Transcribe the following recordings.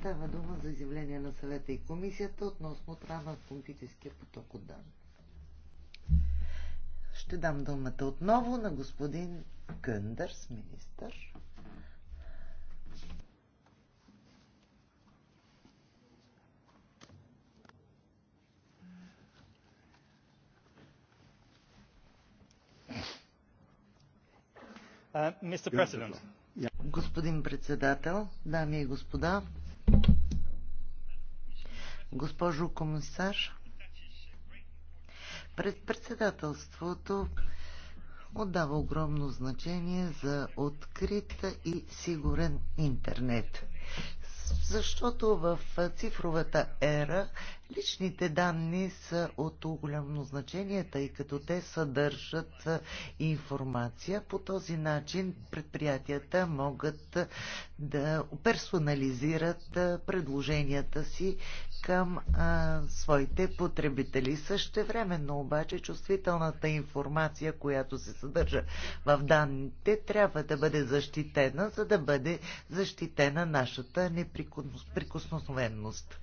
Става дума за изявление на съвета и комисията относно трансатлантическия поток от данни. Ще дам думата отново на господин Къндърс, министър. Uh, господин председател, дами и господа, Госпожо комисар, пред председателството отдава огромно значение за открит и сигурен интернет. Защото в цифровата ера личните данни са от голямо значение, тъй като те съдържат информация. По този начин предприятията могат да персонализират предложенията си към а, своите потребители. Същевременно обаче чувствителната информация, която се съдържа в данните, трябва да бъде защитена, за да бъде защитена нашата неприкосновенност.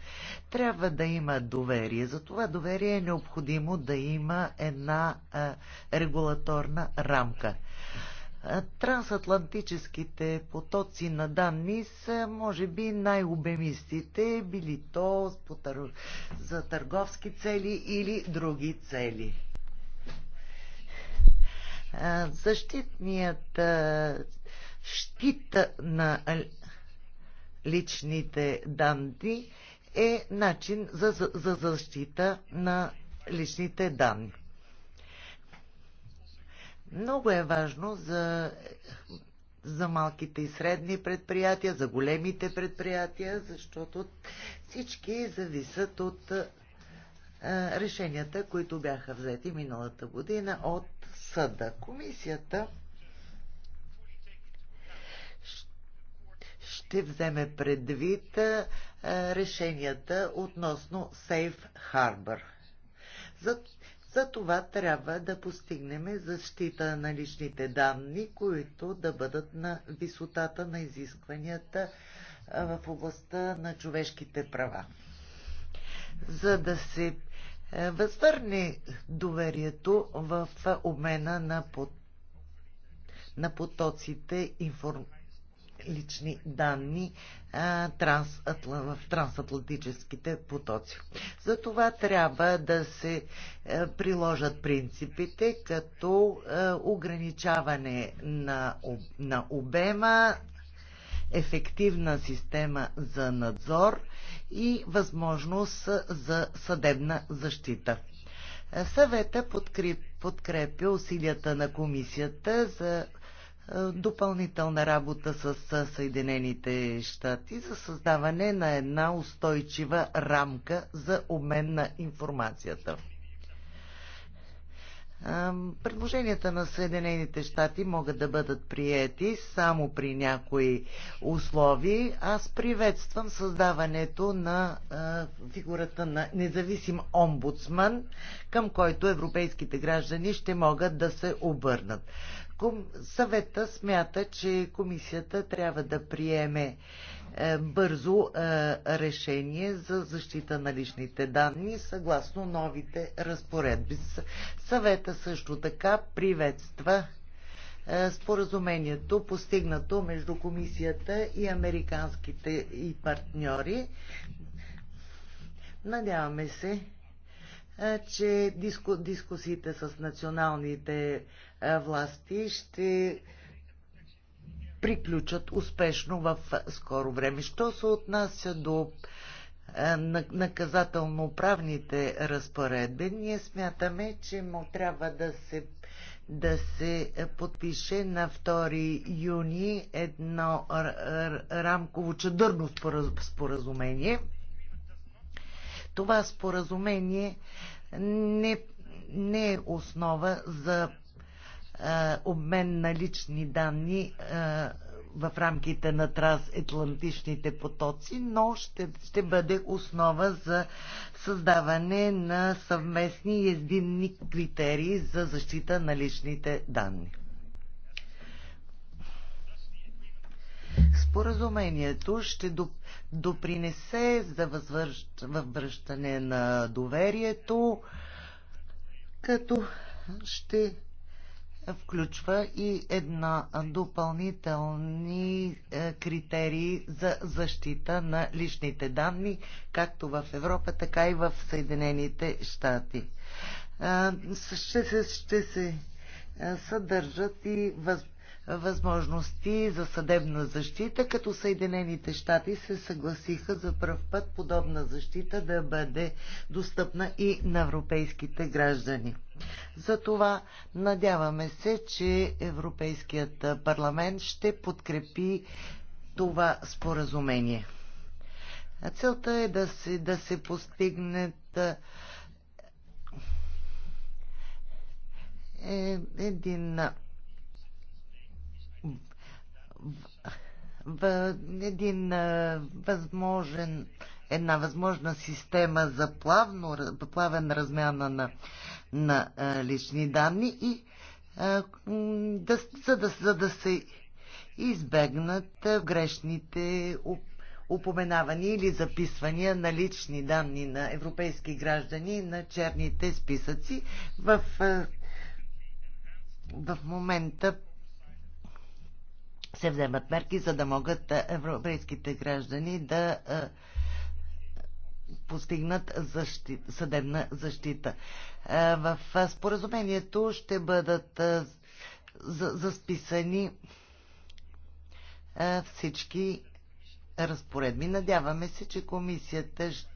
Трябва да има доверие. За това доверие е необходимо да има една а, регулаторна рамка. Трансатлантическите потоци на данни са, може би, най-обемистите, били то за търговски цели или други цели. Защитният щит на личните данни е начин за, за защита на личните данни. Много е важно за, за малките и средни предприятия, за големите предприятия, защото всички зависят от е, решенията, които бяха взети миналата година от съда. Комисията ще вземе предвид е, решенията относно Safe Harbor. За, за това трябва да постигнем защита на личните данни, които да бъдат на висотата на изискванията в областта на човешките права. За да се възвърне доверието в обмена на, под... на потоците информ... лични данни в трансатлантическите потоци. За това трябва да се е, приложат принципите като е, ограничаване на, на обема, ефективна система за надзор и възможност за съдебна защита. Е, съвета подкрепи усилията на комисията за допълнителна работа с Съединените щати за създаване на една устойчива рамка за обмен на информацията. Предложенията на Съединените щати могат да бъдат приети само при някои условия. Аз приветствам създаването на фигурата на независим омбудсман, към който европейските граждани ще могат да се обърнат. Съвета смята, че комисията трябва да приеме е, бързо е, решение за защита на личните данни съгласно новите разпоредби. Съвета също така приветства е, споразумението, постигнато между комисията и американските и партньори. Надяваме се, че диску, дискусиите с националните власти ще приключат успешно в скоро време. Що се отнася до наказателно-правните разпоредби, ние смятаме, че му трябва да се, да се подпише на 2 юни едно рамково чадърно споразумение – това споразумение не, не е основа за а, обмен на лични данни а, в рамките на трансатлантичните потоци, но ще, ще бъде основа за създаване на съвместни и единни критерии за защита на личните данни. Споразумението ще допринесе за възвръщане на доверието, като ще включва и една допълнителни е, критерии за защита на личните данни, както в Европа, така и в Съединените щати. Е, ще се, е, съдържат и възможности възможности за съдебна защита, като Съединените щати се съгласиха за първ път подобна защита да бъде достъпна и на европейските граждани. Затова надяваме се, че Европейският парламент ще подкрепи това споразумение. Целта е да се, да се постигнат е, един в един възможен, една възможна система за плавно, плавен размяна на, на лични данни и да, за, да, за да се избегнат грешните упоменавания или записвания на лични данни на европейски граждани на черните списъци. В, в момента се вземат мерки, за да могат европейските граждани да постигнат защита, съдебна защита. В споразумението ще бъдат засписани всички разпоредби. Надяваме се, че комисията ще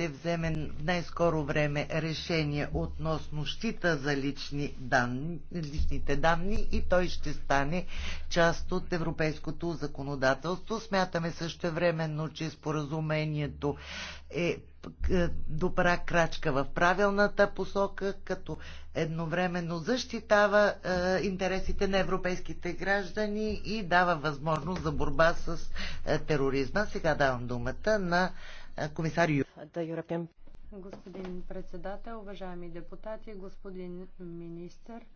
ще вземе в най-скоро време решение относно щита за лични данни, личните данни и той ще стане част от европейското законодателство. Смятаме също времено, че споразумението е, е добра крачка в правилната посока, като едновременно защитава е, интересите на европейските граждани и дава възможност за борба с е, тероризма. Сега давам думата на е, комисар Ю the European Господин председател, уважаеми депутати, господин министър,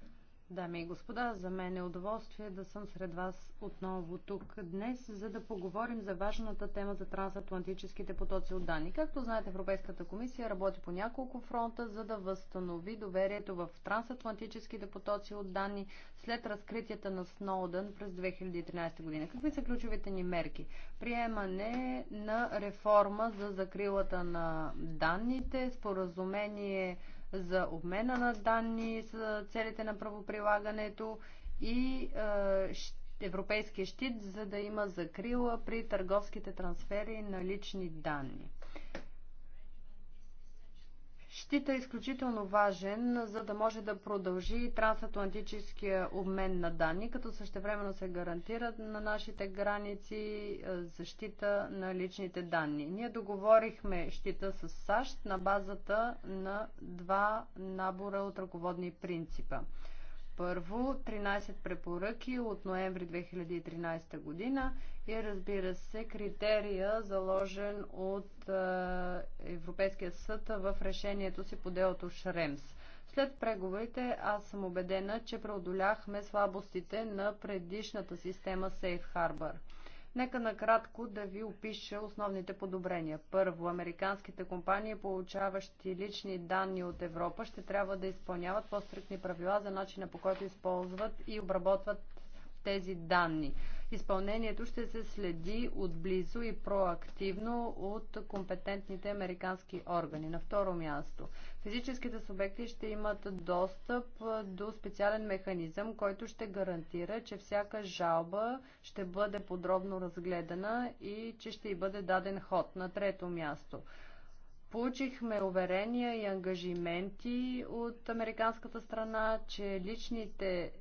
Дами и господа, за мен е удоволствие да съм сред вас отново тук днес, за да поговорим за важната тема за трансатлантическите потоци от данни. Както знаете, Европейската комисия работи по няколко фронта, за да възстанови доверието в трансатлантическите потоци от данни след разкритията на Сноудън през 2013 година. Какви са ключовите ни мерки? Приемане на реформа за закрилата на данните, споразумение за обмена на данни за целите на правоприлагането и е, европейския щит, за да има закрила при търговските трансфери на лични данни. Щита е изключително важен, за да може да продължи трансатлантическия обмен на данни, като същевременно се гарантират на нашите граници е, защита на личните данни. Ние договорихме щита с САЩ на базата на два набора от ръководни принципа. Първо, 13 препоръки от ноември 2013 година и разбира се критерия заложен от Европейския съд в решението си по делото Шремс. След преговорите аз съм убедена, че преодоляхме слабостите на предишната система Safe Harbor. Нека накратко да ви опиша основните подобрения. Първо, американските компании, получаващи лични данни от Европа, ще трябва да изпълняват по-стрикни правила за начина по който използват и обработват тези данни. Изпълнението ще се следи отблизо и проактивно от компетентните американски органи. На второ място, физическите субекти ще имат достъп до специален механизъм, който ще гарантира, че всяка жалба ще бъде подробно разгледана и че ще й бъде даден ход. На трето място, получихме уверения и ангажименти от американската страна, че личните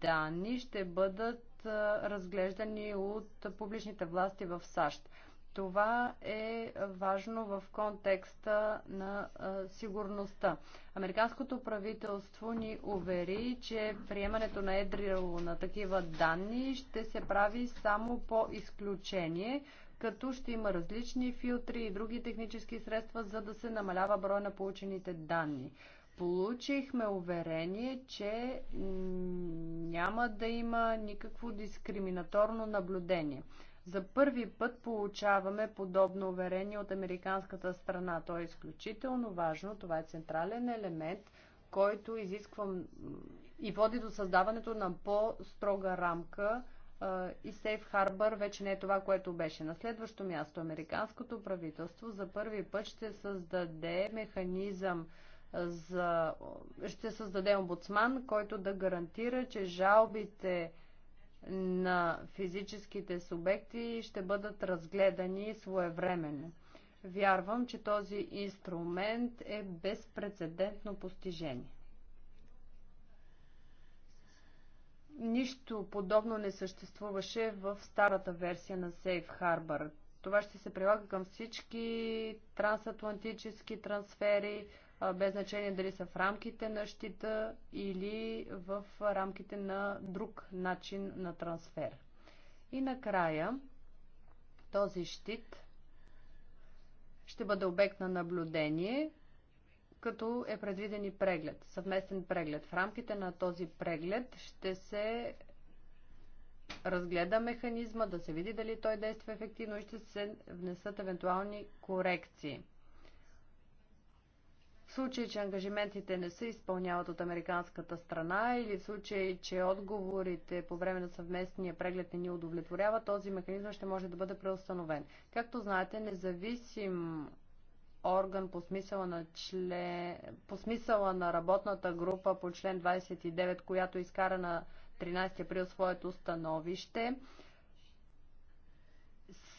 данни ще бъдат разглеждани от публичните власти в САЩ. Това е важно в контекста на сигурността. Американското правителство ни увери, че приемането на едрило на такива данни ще се прави само по изключение, като ще има различни филтри и други технически средства, за да се намалява броя на получените данни. Получихме уверение, че няма да има никакво дискриминаторно наблюдение. За първи път получаваме подобно уверение от американската страна. То е изключително важно. Това е централен елемент, който изисква и води до създаването на по-строга рамка и Сейф Harbor вече не е това, което беше. На следващо място, американското правителство за първи път ще създаде механизъм за... ще създаде омбудсман, който да гарантира, че жалбите на физическите субекти ще бъдат разгледани своевременно. Вярвам, че този инструмент е безпредседентно постижение. Нищо подобно не съществуваше в старата версия на Safe Harbor. Това ще се прилага към всички трансатлантически трансфери, без значение дали са в рамките на щита или в рамките на друг начин на трансфер. И накрая този щит ще бъде обект на наблюдение, като е предвиден и преглед, съвместен преглед. В рамките на този преглед ще се разгледа механизма, да се види дали той действа ефективно и ще се внесат евентуални корекции. В случай, че ангажиментите не се изпълняват от американската страна или в случай, че отговорите по време на съвместния преглед не ни удовлетворява, този механизъм ще може да бъде преустановен. Както знаете, независим орган по смисъла на, чле по смисъла на работната група по член 29, която изкара на 13 април своето становище,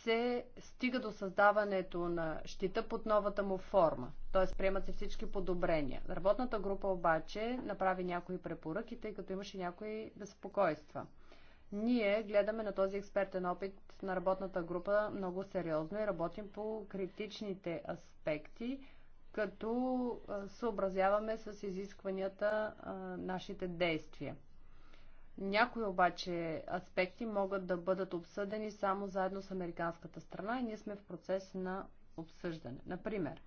се стига до създаването на щита под новата му форма, т.е. приемат се всички подобрения. Работната група обаче направи някои препоръки, тъй като имаше някои безпокойства. Ние гледаме на този експертен опит на работната група много сериозно и работим по критичните аспекти, като съобразяваме с изискванията а, нашите действия. Някои обаче аспекти могат да бъдат обсъдени само заедно с американската страна и ние сме в процес на обсъждане. Например,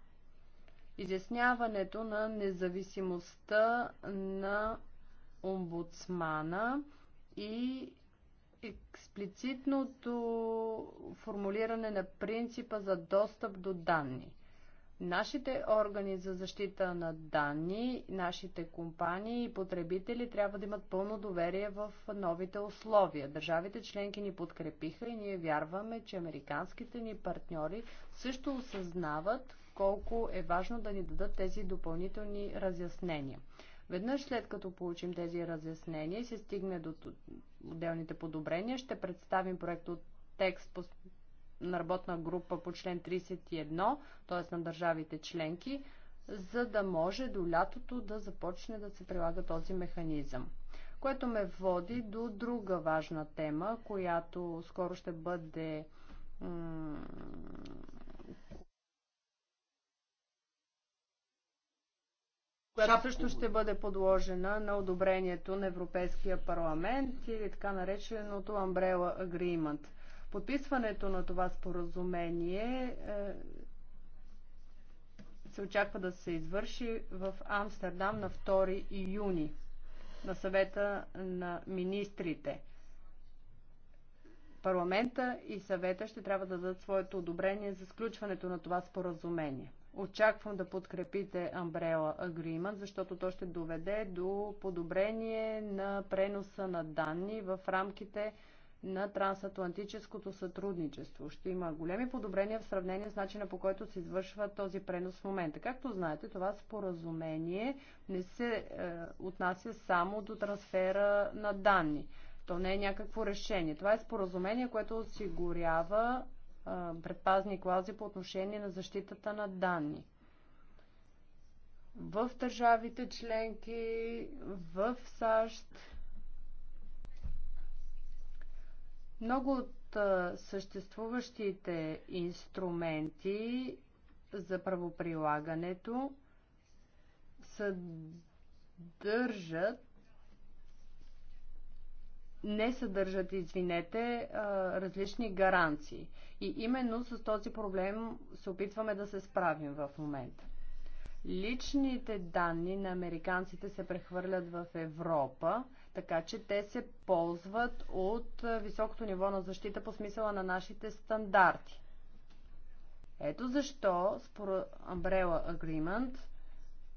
изясняването на независимостта на омбудсмана и експлицитното формулиране на принципа за достъп до данни – Нашите органи за защита на данни, нашите компании и потребители трябва да имат пълно доверие в новите условия. Държавите членки ни подкрепиха и ние вярваме, че американските ни партньори също осъзнават колко е важно да ни дадат тези допълнителни разяснения. Веднъж след като получим тези разяснения и се стигне до отделните подобрения, ще представим проект от текст на работна група по член 31, т.е. на държавите членки, за да може до лятото да започне да се прилага този механизъм. Което ме води до друга важна тема, която скоро ще бъде която също ще бъде подложена на одобрението на Европейския парламент или така нареченото Umbrella Agreement. Подписването на това споразумение е, се очаква да се извърши в Амстердам на 2 июни на съвета на министрите. Парламента и съвета ще трябва да дадат своето одобрение за сключването на това споразумение. Очаквам да подкрепите Umbrella Agreement, защото то ще доведе до подобрение на преноса на данни в рамките на трансатлантическото сътрудничество. Ще има големи подобрения в сравнение с начина по който се извършва този пренос в момента. Както знаете, това споразумение не се е, отнася само до трансфера на данни. То не е някакво решение. Това е споразумение, което осигурява е, предпазни клази по отношение на защитата на данни в държавите членки, в САЩ Много от съществуващите инструменти за правоприлагането съдържат не съдържат, извинете, различни гаранции. И именно с този проблем се опитваме да се справим в момента. Личните данни на американците се прехвърлят в Европа така че те се ползват от високото ниво на защита по смисъла на нашите стандарти. Ето защо според Umbrella Agreement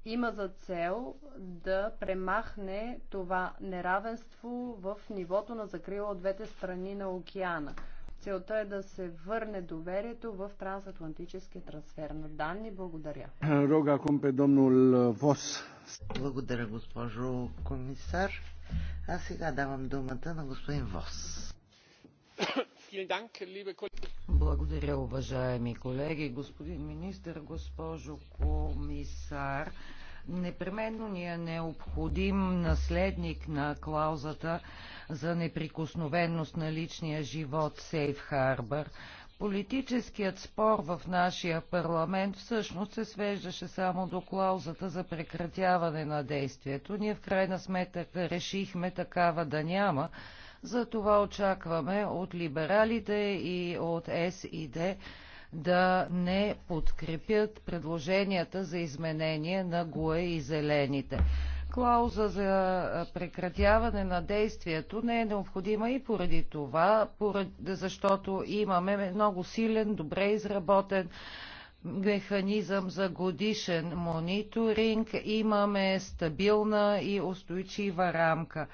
има за цел да премахне това неравенство в нивото на закрила от двете страни на океана. Целта е да се върне доверието в трансатлантическия трансфер на данни. Благодаря. Рога компе домнул е, ВОС. Благодаря, госпожо комисар. А сега давам думата на господин ВОС. Благодаря, уважаеми колеги, господин министр, госпожо комисар. Непременно ни е необходим наследник на клаузата за неприкосновеност на личния живот Сейф Харбър. Политическият спор в нашия парламент всъщност се свеждаше само до клаузата за прекратяване на действието. Ние в крайна сметка решихме такава да няма, затова очакваме от либералите и от СИД да не подкрепят предложенията за изменение на ГУЕ и Зелените. Клауза за прекратяване на действието не е необходима и поради това, защото имаме много силен, добре изработен механизъм за годишен мониторинг, имаме стабилна и устойчива рамка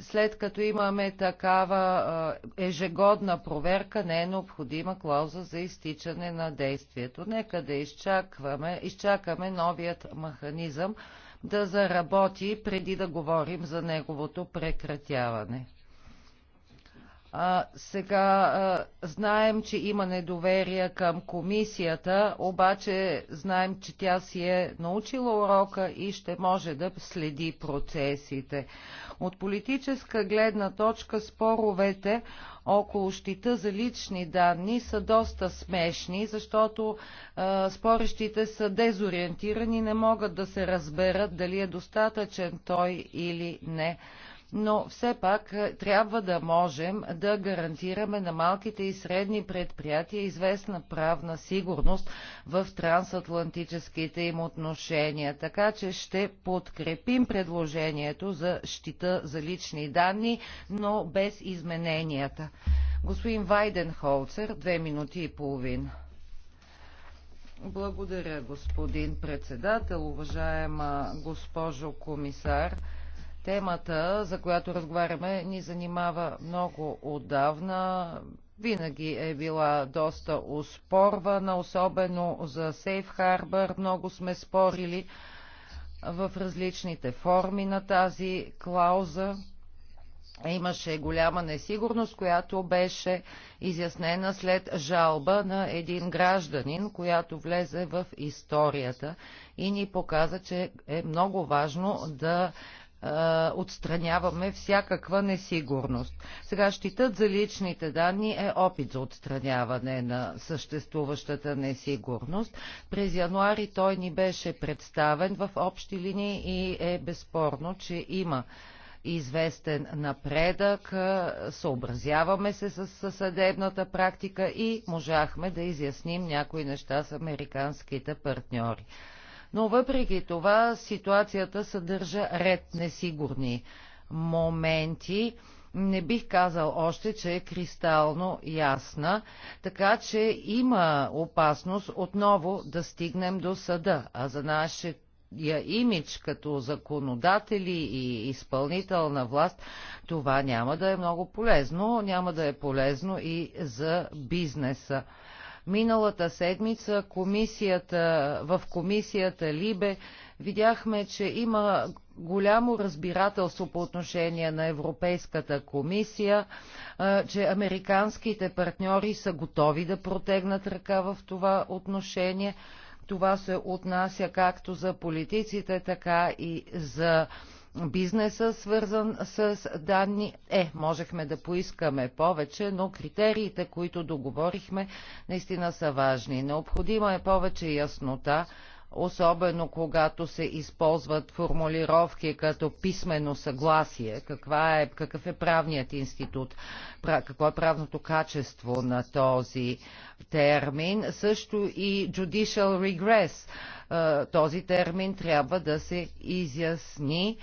след като имаме такава ежегодна проверка, не е необходима клауза за изтичане на действието. Нека да изчакваме, изчакаме новият механизъм да заработи преди да говорим за неговото прекратяване. А, сега а, знаем, че има недоверие към комисията, обаче знаем, че тя си е научила урока и ще може да следи процесите. От политическа гледна точка споровете около щита за лични данни са доста смешни, защото а, спорещите са дезориентирани, не могат да се разберат дали е достатъчен той или не но все пак е, трябва да можем да гарантираме на малките и средни предприятия известна правна сигурност в трансатлантическите им отношения. Така че ще подкрепим предложението за щита за лични данни, но без измененията. Господин Вайденхолцер, две минути и половина. Благодаря, господин председател, уважаема госпожо комисар. Темата, за която разговаряме, ни занимава много отдавна. Винаги е била доста успорвана, особено за Сейф Харбър. Много сме спорили в различните форми на тази клауза. Имаше голяма несигурност, която беше изяснена след жалба на един гражданин, която влезе в историята и ни показа, че е много важно да е, отстраняваме всякаква несигурност. Сега щитът за личните данни е опит за отстраняване на съществуващата несигурност. През януари той ни беше представен в общи линии и е безспорно, че има известен напредък, съобразяваме се с съдебната практика и можахме да изясним някои неща с американските партньори но въпреки това ситуацията съдържа ред несигурни моменти. Не бих казал още, че е кристално ясна, така че има опасност отново да стигнем до съда, а за нашия я имидж като законодатели и изпълнителна власт, това няма да е много полезно, няма да е полезно и за бизнеса. Миналата седмица комисията, в комисията Либе видяхме, че има голямо разбирателство по отношение на Европейската комисия, че американските партньори са готови да протегнат ръка в това отношение. Това се отнася както за политиците, така и за бизнеса, свързан с данни. Е, можехме да поискаме повече, но критериите, които договорихме, наистина са важни. Необходима е повече яснота, особено когато се използват формулировки като писмено съгласие, каква е, какъв е правният институт, какво е правното качество на този термин, също и judicial regress. Е, този термин трябва да се изясни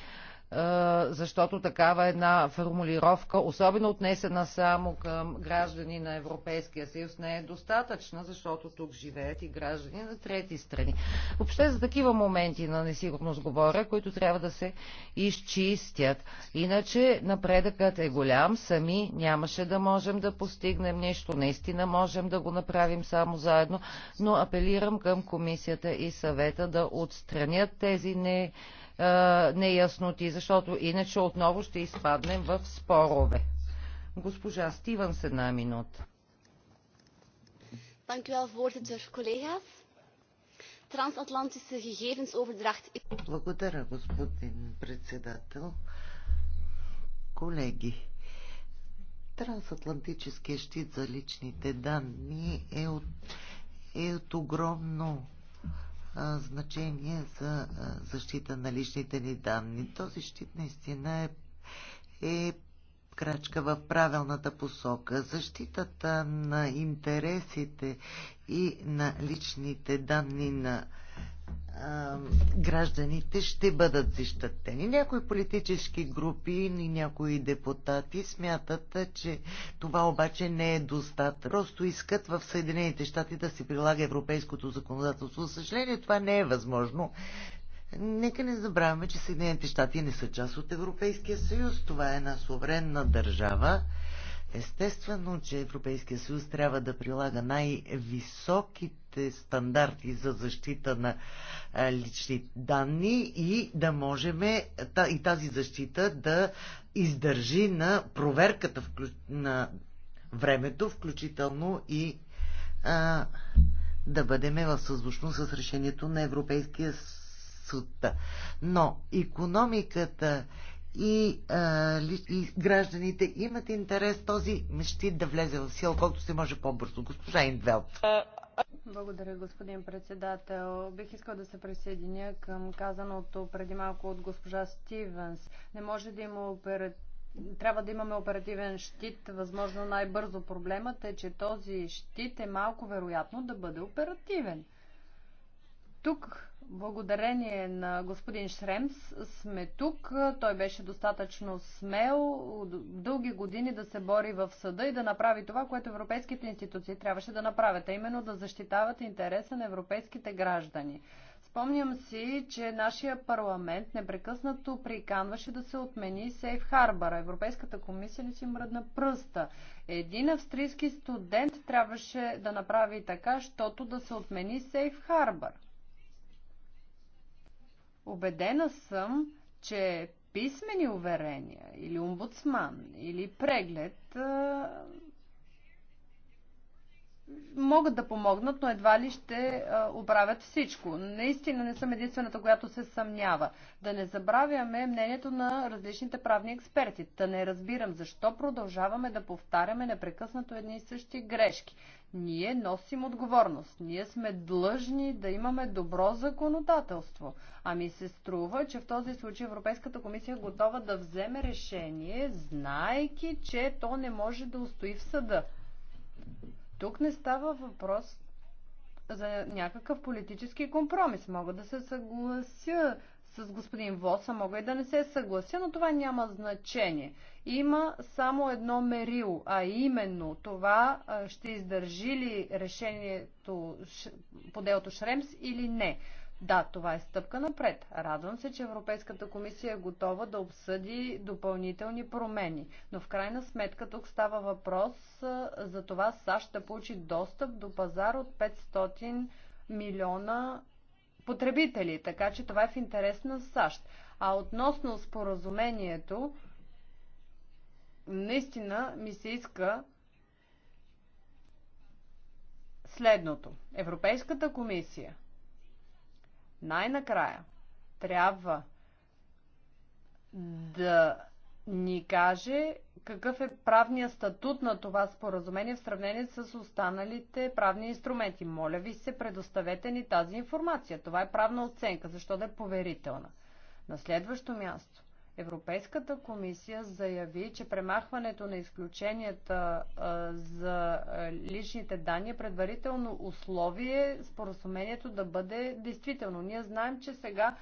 защото такава една формулировка, особено отнесена само към граждани на Европейския съюз, не е достатъчна, защото тук живеят и граждани на трети страни. Въобще за такива моменти на несигурност говоря, които трябва да се изчистят. Иначе напредъкът е голям, сами нямаше да можем да постигнем нещо, наистина можем да го направим само заедно, но апелирам към комисията и съвета да отстранят тези не е, неясноти, защото иначе отново ще изпаднем в спорове. Госпожа Стиван с една минута. Dank u wel, voorzitter. Collega's, transatlantische gegevensoverdracht. Благодаря, господин председател. Колеги, трансатлантическия щит за личните данни е от, е от огромно значение за защита на личните ни данни. Този щит наистина е, е крачка в правилната посока. Защитата на интересите и на личните данни на гражданите ще бъдат защитени. Някои политически групи и някои депутати смятат, че това обаче не е достатъчно. Просто искат в Съединените щати да се прилага европейското законодателство. За съжаление, това не е възможно. Нека не забравяме, че Съединените щати не са част от Европейския съюз. Това е една суверенна държава. Естествено, че Европейския съюз трябва да прилага най-високите общите стандарти за защита на лични данни и да можем и тази защита да издържи на проверката на времето, включително и да бъдем в съзвучно с решението на Европейския съд. Но економиката и, а, и гражданите имат интерес този мещит да влезе в сила колкото се може по-бързо. Госпожа Индвелт. Е, благодаря, господин председател. Бих искал да се присъединя към казаното преди малко от госпожа Стивенс. Не може да има оперативно трябва да имаме оперативен щит, възможно най-бързо. Проблемът е, че този щит е малко вероятно да бъде оперативен. Тук, благодарение на господин Шремс, сме тук. Той беше достатъчно смел дълги години да се бори в съда и да направи това, което европейските институции трябваше да направят, а именно да защитават интереса на европейските граждани. Спомням си, че нашия парламент непрекъснато приканваше да се отмени Сейф Харбара. Европейската комисия не си мръдна пръста. Един австрийски студент трябваше да направи така, щото да се отмени Сейф Харбар. Обедена съм, че писмени уверения или омбудсман или преглед могат да помогнат, но едва ли ще оправят всичко. Наистина не съм единствената, която се съмнява. Да не забравяме мнението на различните правни експерти. Да не разбирам защо продължаваме да повтаряме непрекъснато едни и същи грешки. Ние носим отговорност. Ние сме длъжни да имаме добро законодателство. Ами се струва, че в този случай Европейската комисия е готова да вземе решение, знайки, че то не може да устои в съда. Тук не става въпрос за някакъв политически компромис. Мога да се съглася с господин Воса мога и да не се съглася, но това няма значение. Има само едно мерило, а именно това ще издържи ли решението по делото Шремс или не. Да, това е стъпка напред. Радвам се, че Европейската комисия е готова да обсъди допълнителни промени. Но в крайна сметка тук става въпрос за това САЩ да получи достъп до пазар от 500 милиона потребители, така че това е в интерес на САЩ. А относно споразумението, наистина ми се иска следното. Европейската комисия най-накрая трябва да ни каже какъв е правният статут на това споразумение в сравнение с останалите правни инструменти. Моля ви се, предоставете ни тази информация. Това е правна оценка, защо да е поверителна. На следващо място. Европейската комисия заяви, че премахването на изключенията за личните данни е предварително условие споразумението да бъде действително. Ние знаем, че сега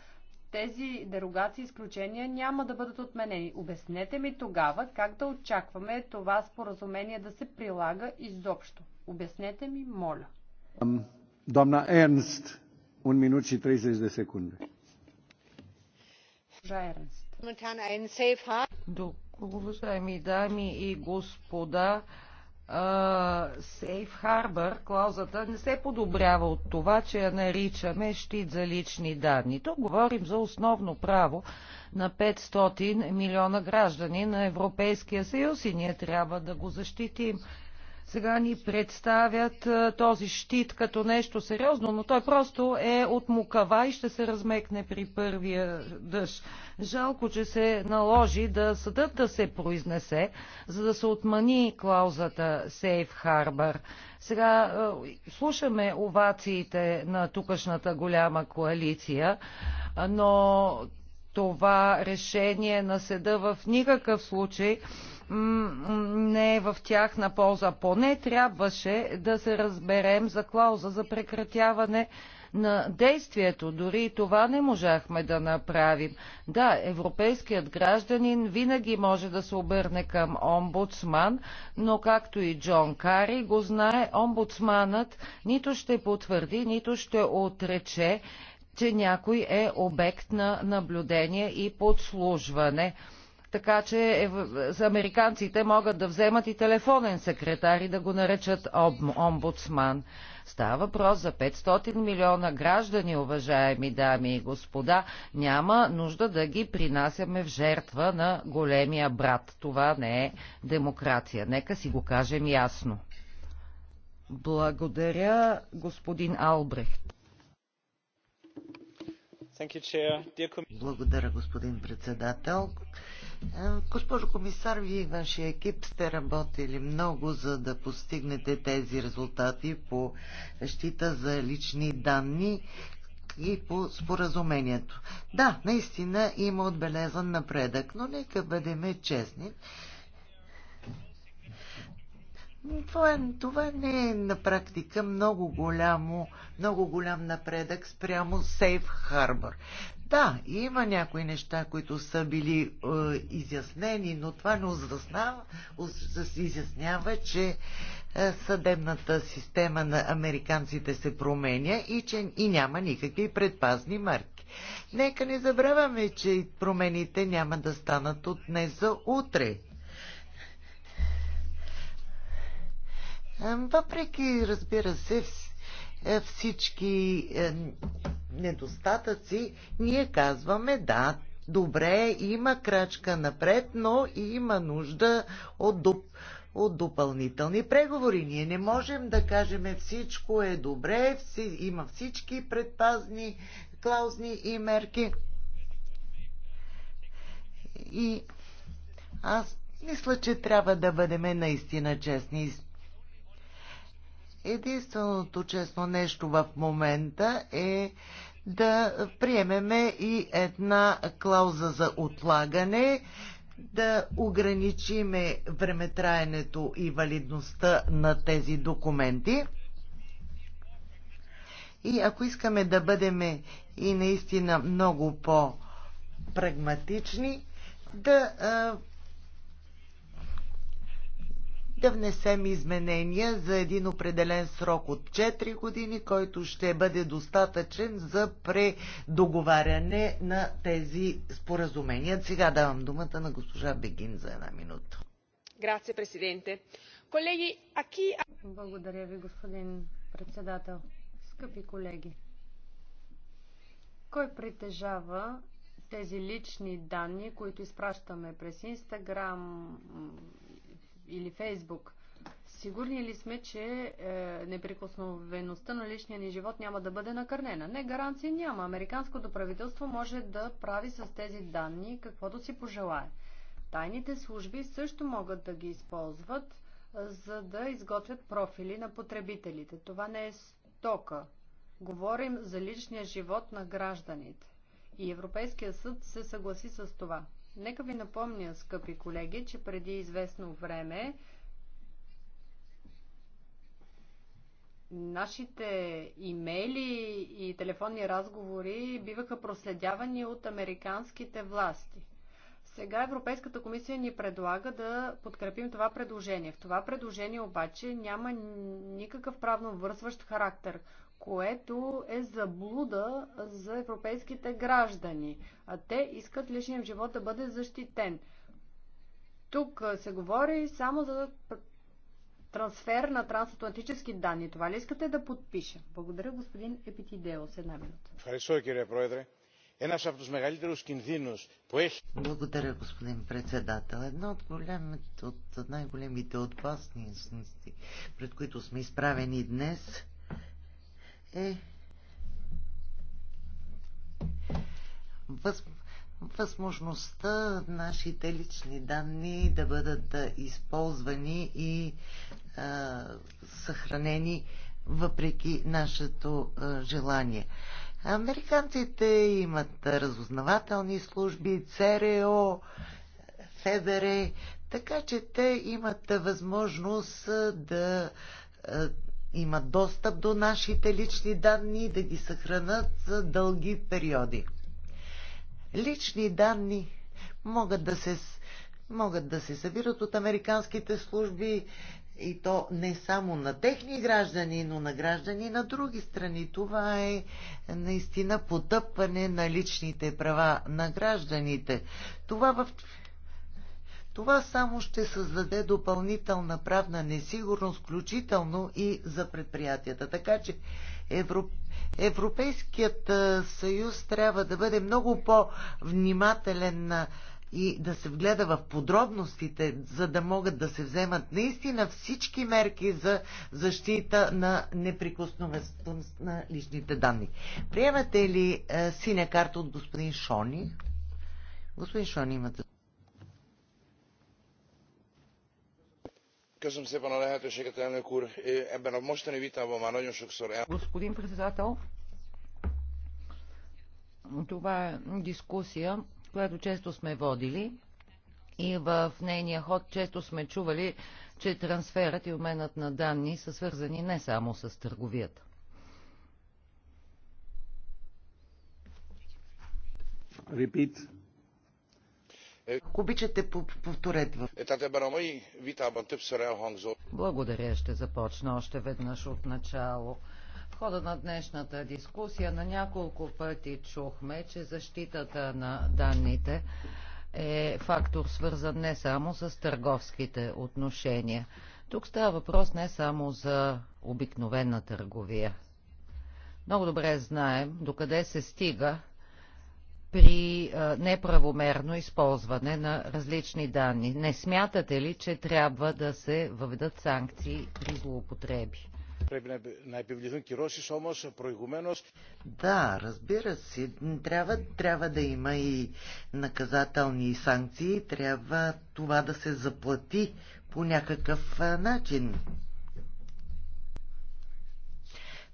тези дерогации, изключения няма да бъдат отменени. Обяснете ми тогава как да очакваме това споразумение да се прилага изобщо. Обяснете ми, моля. Домна Ernst, un minut și 30 секунди. secunde. Уважаеми дами и господа, Сейф Харбър, клаузата не се подобрява от това, че я наричаме щит за лични данни. Тук говорим за основно право на 500 милиона граждани на Европейския съюз и ние трябва да го защитим сега ни представят този щит като нещо сериозно, но той просто е от мукава и ще се размекне при първия дъжд. Жалко, че се наложи да съдът да се произнесе, за да се отмани клаузата Safe Harbor. Сега слушаме овациите на тукашната голяма коалиция, но това решение на съда в никакъв случай не е в тях на полза. Поне трябваше да се разберем за клауза за прекратяване на действието. Дори и това не можахме да направим. Да, европейският гражданин винаги може да се обърне към омбудсман, но както и Джон Кари го знае, омбудсманът нито ще потвърди, нито ще отрече че някой е обект на наблюдение и подслужване. Така че американците могат да вземат и телефонен секретар и да го наречат омбудсман. Става въпрос за 500 милиона граждани, уважаеми дами и господа. Няма нужда да ги принасяме в жертва на големия брат. Това не е демокрация. Нека си го кажем ясно. Благодаря, господин Албрехт. Благодаря, господин председател. Е, госпожо комисар, вие и вашия екип сте работили много, за да постигнете тези резултати по защита за лични данни и по споразумението. Да, наистина има отбелезан напредък, но нека бъдем честни. Това, това не е на практика много, голямо, много голям напредък спрямо Safe Harbor. Да, има някои неща, които са били е, изяснени, но това не ознаснава, изяснява, че е, съдебната система на американците се променя и че и няма никакви предпазни марки. Нека не забравяме, че промените няма да станат от днес за утре Въпреки, разбира се, е, всички е, недостатъци, ние казваме да, добре, има крачка напред, но и има нужда от, доп... от допълнителни преговори. Ние не можем да кажем всичко е добре, вси... има всички предпазни клаузни и мерки. И аз мисля, че трябва да бъдем наистина честни Единственото честно нещо в момента е да приемеме и една клауза за отлагане, да ограничиме времетраенето и валидността на тези документи. И ако искаме да бъдем и наистина много по-прагматични, да да внесем изменения за един определен срок от 4 години, който ще бъде достатъчен за предоговаряне на тези споразумения. Сега давам думата на госпожа Бегин за една минута. Грация, президенте. Колеги, аки... Благодаря ви, господин председател. Скъпи колеги, кой притежава тези лични данни, които изпращаме през Инстаграм, или Фейсбук. Сигурни ли сме, че е, неприкосновеността на личния ни живот няма да бъде накърнена? Не, гаранции няма. Американското правителство може да прави с тези данни каквото си пожелае. Тайните служби също могат да ги използват, е, за да изготвят профили на потребителите. Това не е стока. Говорим за личния живот на гражданите. И Европейския съд се съгласи с това. Нека ви напомня, скъпи колеги, че преди известно време нашите имейли и телефонни разговори биваха проследявани от американските власти. Сега Европейската комисия ни предлага да подкрепим това предложение. В това предложение обаче няма никакъв правно вързващ характер което е заблуда за европейските граждани. А те искат личният живот да бъде защитен. Тук се говори само за трансфер на трансатлантически данни. Това ли искате да подпиша? Благодаря, господин Епитидеос. Една минута. Благодаря, господин председател. Едно от, от най-големите опасни пред които сме изправени днес, е въз, възможността нашите лични данни да бъдат използвани и а, съхранени въпреки нашето а, желание. Американците имат разузнавателни служби, ЦРО, ФБР, така че те имат възможност да имат достъп до нашите лични данни и да ги съхранат за дълги периоди. Лични данни могат да се, могат да се събират от американските служби и то не само на техни граждани, но на граждани на други страни. Това е наистина потъпване на личните права на гражданите. Това в това само ще създаде допълнителна правна несигурност, включително и за предприятията. Така че Европ... Европейският съюз трябва да бъде много по-внимателен и да се вгледа в подробностите, за да могат да се вземат наистина всички мерки за защита на неприкосновеността на личните данни. Приемате ли е, синя карта от господин Шони? Господин Шони, имате. Господин председател, това е дискусия, която често сме водили и в нейния ход често сме чували, че трансферът и обменът на данни са свързани не само с търговията. Repeat. Ако обичате, повторете в... Е, е, Благодаря, ще започна още веднъж от начало. В хода на днешната дискусия на няколко пъти чухме, че защитата на данните е фактор свързан не само с търговските отношения. Тук става въпрос не само за обикновена търговия. Много добре знаем докъде се стига при неправомерно използване на различни данни. Не смятате ли, че трябва да се въведат санкции при злоупотреби? Да, разбира се. Трябва, трябва да има и наказателни санкции. Трябва това да се заплати по някакъв начин.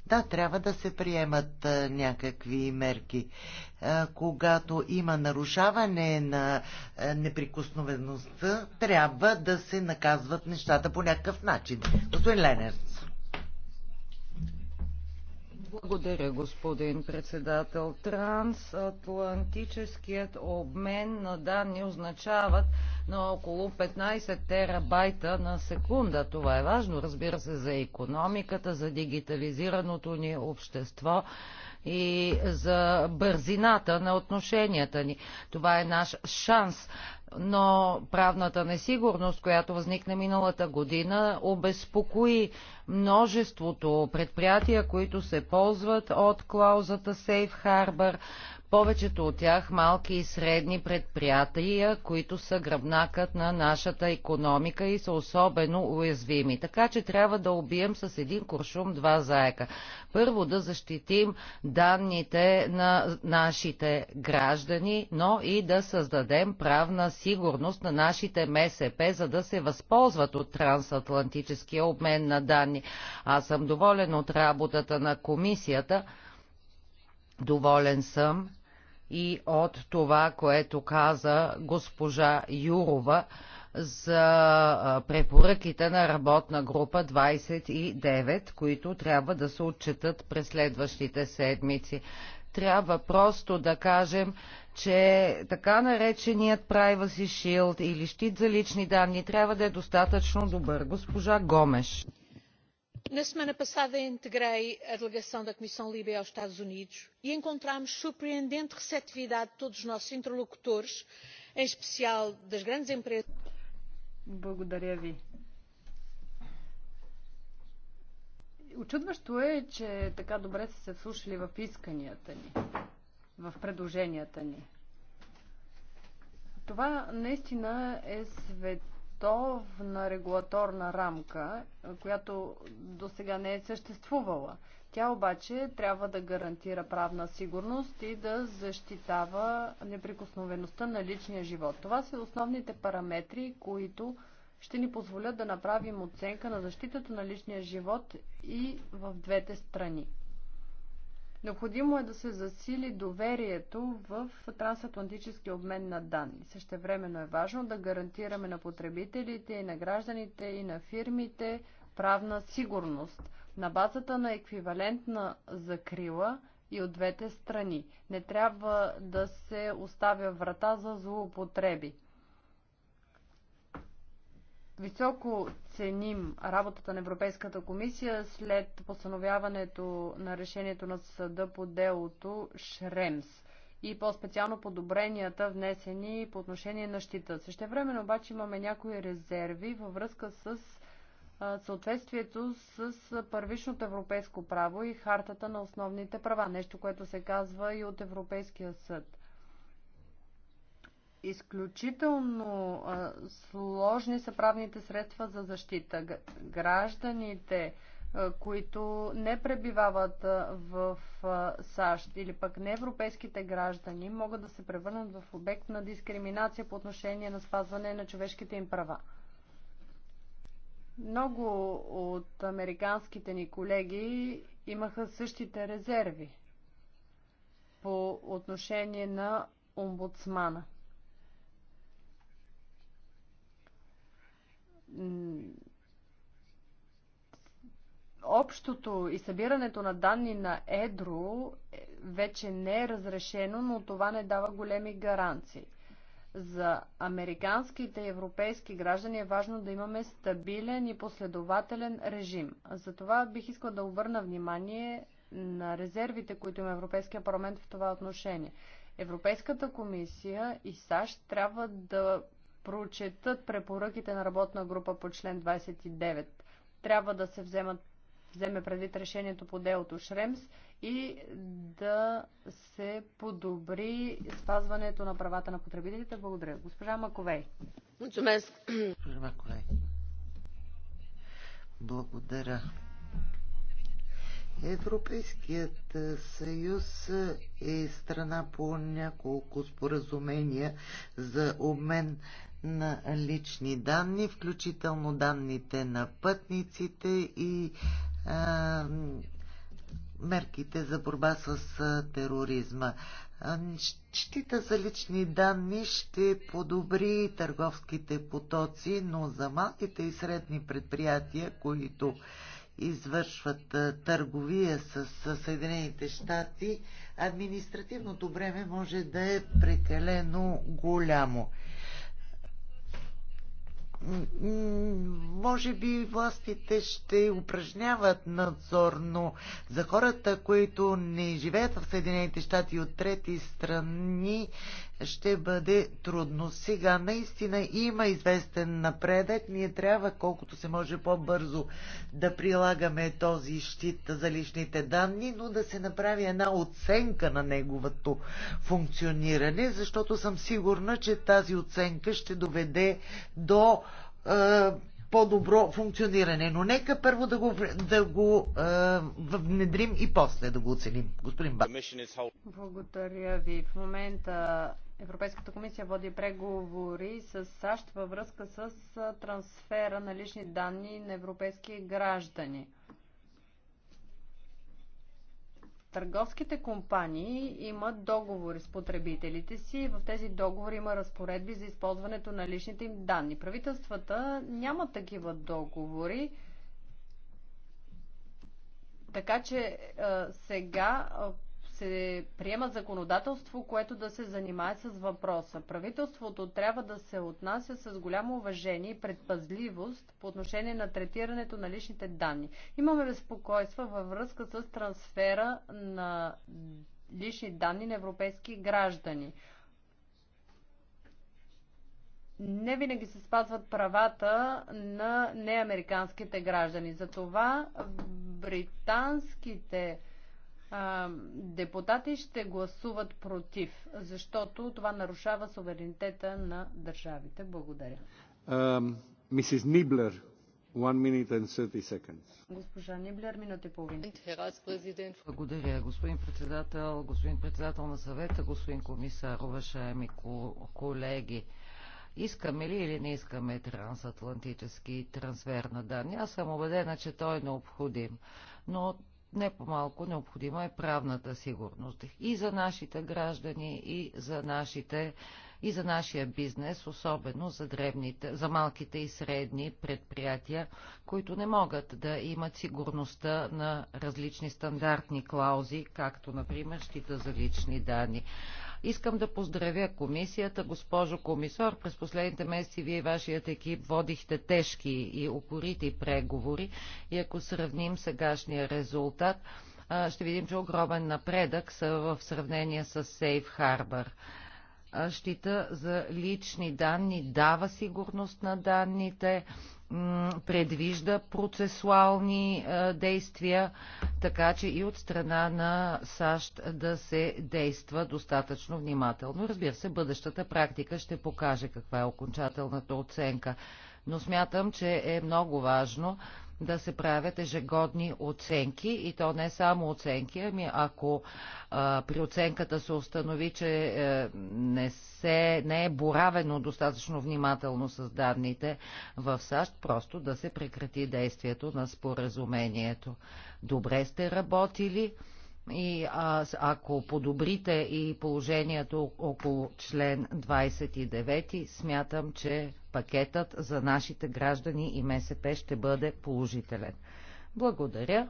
Да, трябва да се приемат а, някакви мерки. А, когато има нарушаване на а, неприкосновеността, трябва да се наказват нещата по някакъв начин. Господин Ленерс. Благодаря, господин председател. Трансатлантическият обмен на данни означават на около 15 терабайта на секунда. Това е важно, разбира се, за економиката, за дигитализираното ни общество и за бързината на отношенията ни. Това е наш шанс, но правната несигурност, която възникна миналата година, обезпокои множеството предприятия, които се ползват от клаузата Safe Harbor, повечето от тях малки и средни предприятия, които са гръбнакът на нашата економика и са особено уязвими. Така че трябва да убием с един куршум два заека. Първо да защитим данните на нашите граждани, но и да създадем правна сигурност на нашите МСП, за да се възползват от трансатлантическия обмен на данни. Аз съм доволен от работата на комисията. Доволен съм, и от това, което каза госпожа Юрова за препоръките на работна група 29, които трябва да се отчитат през следващите седмици. Трябва просто да кажем, че така нареченият Privacy Shield или щит за лични данни трябва да е достатъчно добър. Госпожа Гомеш na semana passada integrei a delegação da comissão libe aos estados unidos e encontramos surpreendente receptividade de todos os nossos interlocutores em especial das grandes empresas. е, че така добре са се в исканията ни, в предложенията ни. Това наистина е свет световна регулаторна рамка, която до сега не е съществувала. Тя обаче трябва да гарантира правна сигурност и да защитава неприкосновеността на личния живот. Това са основните параметри, които ще ни позволят да направим оценка на защитата на личния живот и в двете страни. Необходимо е да се засили доверието в трансатлантически обмен на данни. Същевременно е важно да гарантираме на потребителите и на гражданите и на фирмите правна сигурност на базата на еквивалентна закрила и от двете страни. Не трябва да се оставя врата за злоупотреби високо ценим работата на Европейската комисия след постановяването на решението на съда по делото Шремс и по-специално подобренията внесени по отношение на щита. време обаче имаме някои резерви във връзка с съответствието с първичното европейско право и хартата на основните права, нещо, което се казва и от Европейския съд изключително сложни са правните средства за защита. Гражданите, които не пребивават в САЩ или пък не европейските граждани, могат да се превърнат в обект на дискриминация по отношение на спазване на човешките им права. Много от американските ни колеги имаха същите резерви по отношение на омбудсмана. общото и събирането на данни на Едро е, вече не е разрешено, но това не дава големи гаранции. За американските и европейски граждани е важно да имаме стабилен и последователен режим. Затова бих искал да обърна внимание на резервите, които има Европейския парламент в това отношение. Европейската комисия и САЩ трябва да прочетат препоръките на работна група по член 29. Трябва да се вземат, вземе предвид решението по делото Шремс и да се подобри спазването на правата на потребителите. Благодаря. Госпожа Маковей. Госпожа Маковей. Благодаря. Европейският е, съюз е страна по няколко споразумения за обмен на лични данни, включително данните на пътниците и а, мерките за борба с тероризма. Щита за лични данни ще подобри търговските потоци, но за малките и средни предприятия, които извършват търговия с Съединените щати, административното време може да е прекалено голямо може би властите ще упражняват надзор, но за хората, които не живеят в Съединените щати от трети страни, ще бъде трудно. Сега наистина има известен напредък. Ние трябва колкото се може по-бързо да прилагаме този щит за личните данни, но да се направи една оценка на неговото функциониране, защото съм сигурна, че тази оценка ще доведе до е, по-добро функциониране. Но нека първо да го, да го е, внедрим и после да го оценим. Господин Бак. Благодаря ви. В момента Европейската комисия води преговори с САЩ във връзка с трансфера на лични данни на европейски граждани. Търговските компании имат договори с потребителите си и в тези договори има разпоредби за използването на личните им данни. Правителствата нямат такива договори. Така че сега се приема законодателство, което да се занимае с въпроса. Правителството трябва да се отнася с голямо уважение и предпазливост по отношение на третирането на личните данни. Имаме безпокойства във връзка с трансфера на лични данни на европейски граждани. Не винаги се спазват правата на неамериканските граждани. Затова британските депутати ще гласуват против, защото това нарушава суверенитета на държавите. Благодаря. Мисис Ниблер, 1 минута и 30 секунди. Госпожа Ниблер, минута и половина. Благодаря, господин председател, господин председател на съвета, господин комисар, уважаеми колеги искаме ли или не искаме трансатлантически трансфер на данни. Аз съм убедена, че той е необходим. Но не по-малко необходима е правната сигурност и за нашите граждани, и за, нашите, и за нашия бизнес, особено за, древните, за малките и средни предприятия, които не могат да имат сигурността на различни стандартни клаузи, както, например, щита за лични данни. Искам да поздравя комисията, госпожо комисор, През последните месеци вие и вашият екип водихте тежки и упорити преговори и ако сравним сегашния резултат, ще видим, че огромен напредък са в сравнение с Safe Harbor щита за лични данни дава сигурност на данните, предвижда процесуални е, действия, така че и от страна на САЩ да се действа достатъчно внимателно. Разбира се, бъдещата практика ще покаже каква е окончателната оценка, но смятам, че е много важно да се правят ежегодни оценки и то не само оценки, ами ако а, при оценката се установи, че а, е, не, се, не е боравено достатъчно внимателно с данните в САЩ, просто да се прекрати действието на споразумението. Добре сте работили и а, ако подобрите и положението около член 29, смятам, че пакетът за нашите граждани и МСП ще бъде положителен. Благодаря.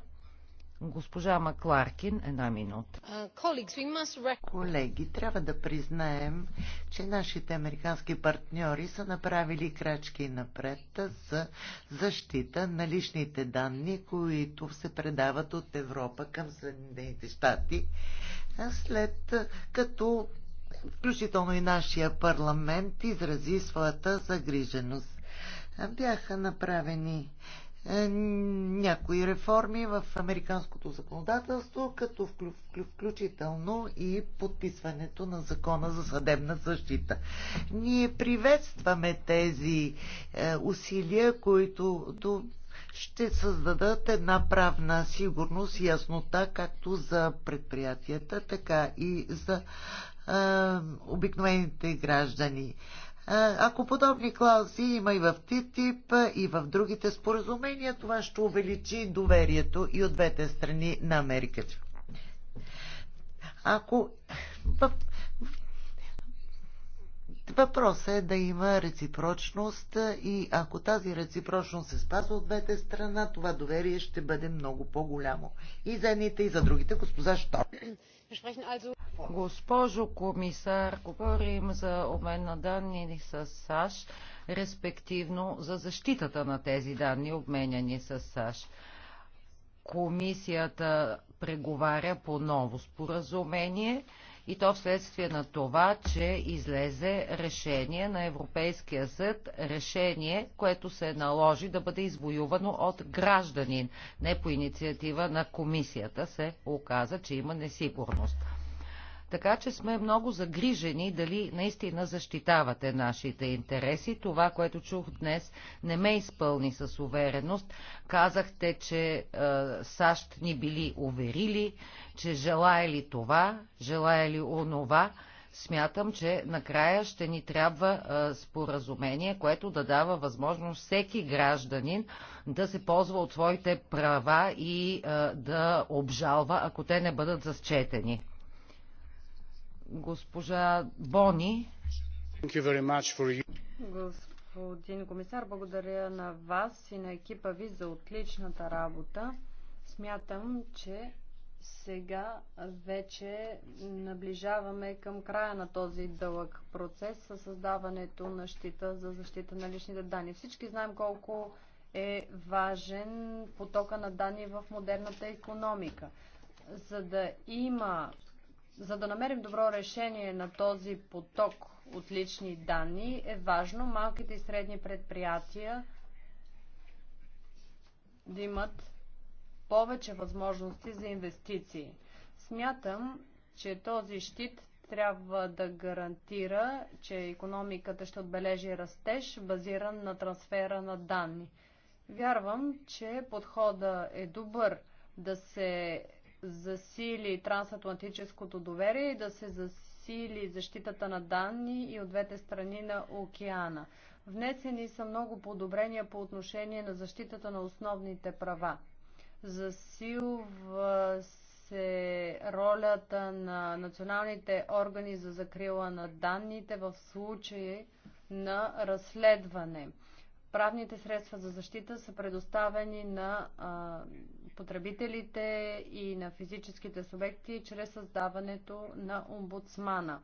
Госпожа Макларкин, една минута. Uh, Колеги, трябва да признаем, че нашите американски партньори са направили крачки напред за защита на личните данни, които се предават от Европа към Съединените щати, след като включително и нашия парламент изрази своята загриженост. Бяха направени е, някои реформи в американското законодателство, като включително и подписването на закона за съдебна защита. Ние приветстваме тези е, усилия, които ще създадат една правна сигурност и яснота както за предприятията, така и за е, обикновените граждани. Е, ако подобни клаузи има и в ТИТИП, и в другите споразумения, това ще увеличи доверието и от двете страни на Америка. Ако Въпросът е да има реципрочност и ако тази реципрочност се спазва от двете страна, това доверие ще бъде много по-голямо. И за едните, и за другите, госпожа Штор. Госпожо комисар, говорим за обмен на данни с САЩ, респективно за защитата на тези данни, обменяни с САЩ. Комисията преговаря по ново споразумение и то вследствие на това, че излезе решение на Европейския съд, решение, което се наложи да бъде извоювано от гражданин. Не по инициатива на комисията се оказа, че има несигурност. Така че сме много загрижени дали наистина защитавате нашите интереси. Това, което чух днес, не ме изпълни с увереност. Казахте, че е, САЩ ни били уверили, че желая ли това, желая ли онова смятам, че накрая ще ни трябва а, споразумение, което да дава възможност всеки гражданин да се ползва от своите права и а, да обжалва, ако те не бъдат засчетени госпожа Бони. Господин комисар, благодаря на вас и на екипа ви за отличната работа. Смятам, че сега вече наближаваме към края на този дълъг процес със създаването на щита за защита на личните данни. Всички знаем колко е важен потока на данни в модерната економика. За да има за да намерим добро решение на този поток от лични данни, е важно малките и средни предприятия да имат повече възможности за инвестиции. Смятам, че този щит трябва да гарантира, че економиката ще отбележи растеж, базиран на трансфера на данни. Вярвам, че подхода е добър да се засили трансатлантическото доверие и да се засили защитата на данни и от двете страни на океана. Внесени са много подобрения по отношение на защитата на основните права. Засилва се ролята на националните органи за закрила на данните в случай на разследване. Правните средства за защита са предоставени на а, потребителите и на физическите субекти чрез създаването на омбудсмана.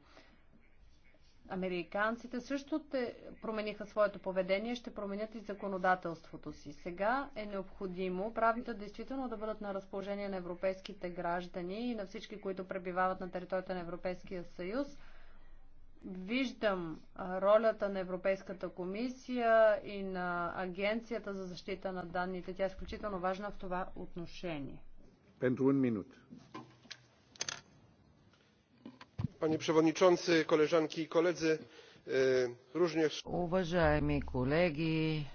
Американците също те промениха своето поведение, ще променят и законодателството си. Сега е необходимо правните действително да бъдат на разположение на европейските граждани и на всички, които пребивават на територията на Европейския съюз – виждам ролята на Европейската комисия и на Агенцията за защита на данните. Тя е изключително важна в това отношение. Panie przewodniczący, koleżanki i koledzy, e, Уважаеми колеги,